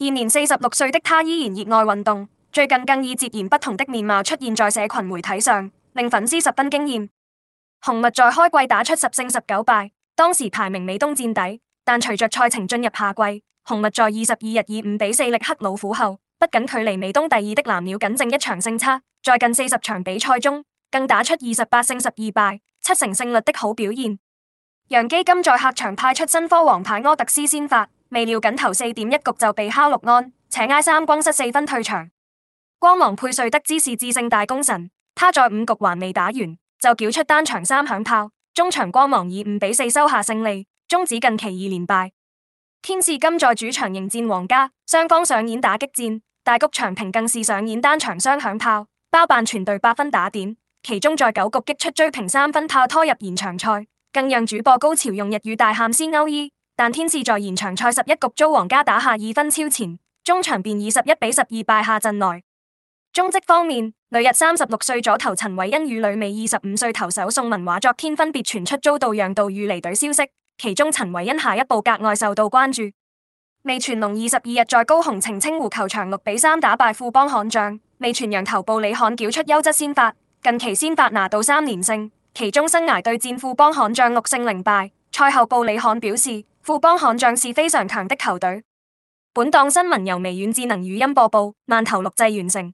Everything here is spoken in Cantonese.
現年四十六歲的他依然熱愛運動，最近更以截然不同的面貌出現在社群媒體上，令粉絲十分驚艷。紅襪在開季打出十勝十九敗，當時排名美東墊底，但隨着賽程進入夏季，紅襪在二十二日以五比四力克老虎後，不僅距離美東第二的藍鳥僅剩一場勝差，在近四十場比賽中更打出二十八勝十二敗，七成勝率的好表現。洋基今在客場派出新科王牌柯特斯先發。未料僅投四點一局就被敲六安，且挨三光失四分退場。光芒配瑞得知是致勝大功臣，他在五局還未打完就繳出單場三響炮。中場光芒以五比四收下勝利，終止近期二連敗。天使今在主場迎戰皇家，雙方上演打擊戰，大谷翔平更是上演單場雙響炮，包辦全隊八分打點。其中在九局擊出追平三分炮拖入延長賽，更讓主播高潮用日語大喊「斯勾伊」。但天使在延長賽十一局遭皇家打下二分超前，終場便以十一比十二敗下陣來。中職方面，呂日三十六歲左投陳偉恩與呂美二十五歲投手宋文華昨天分別傳出遭到讓渡與離隊消息，其中陳偉恩下一步格外受到關注。味全龍二十二日在高雄澄清湖球場六比三打敗富邦悍將，味全洋投部李漢繳出優質先發，近期先發拿到三連勝，其中生涯對戰富邦悍將六勝零敗。賽後，布里漢表示，富邦悍將是非常強的球隊。本檔新聞由微軟智能語音播報，曼頭錄製完成。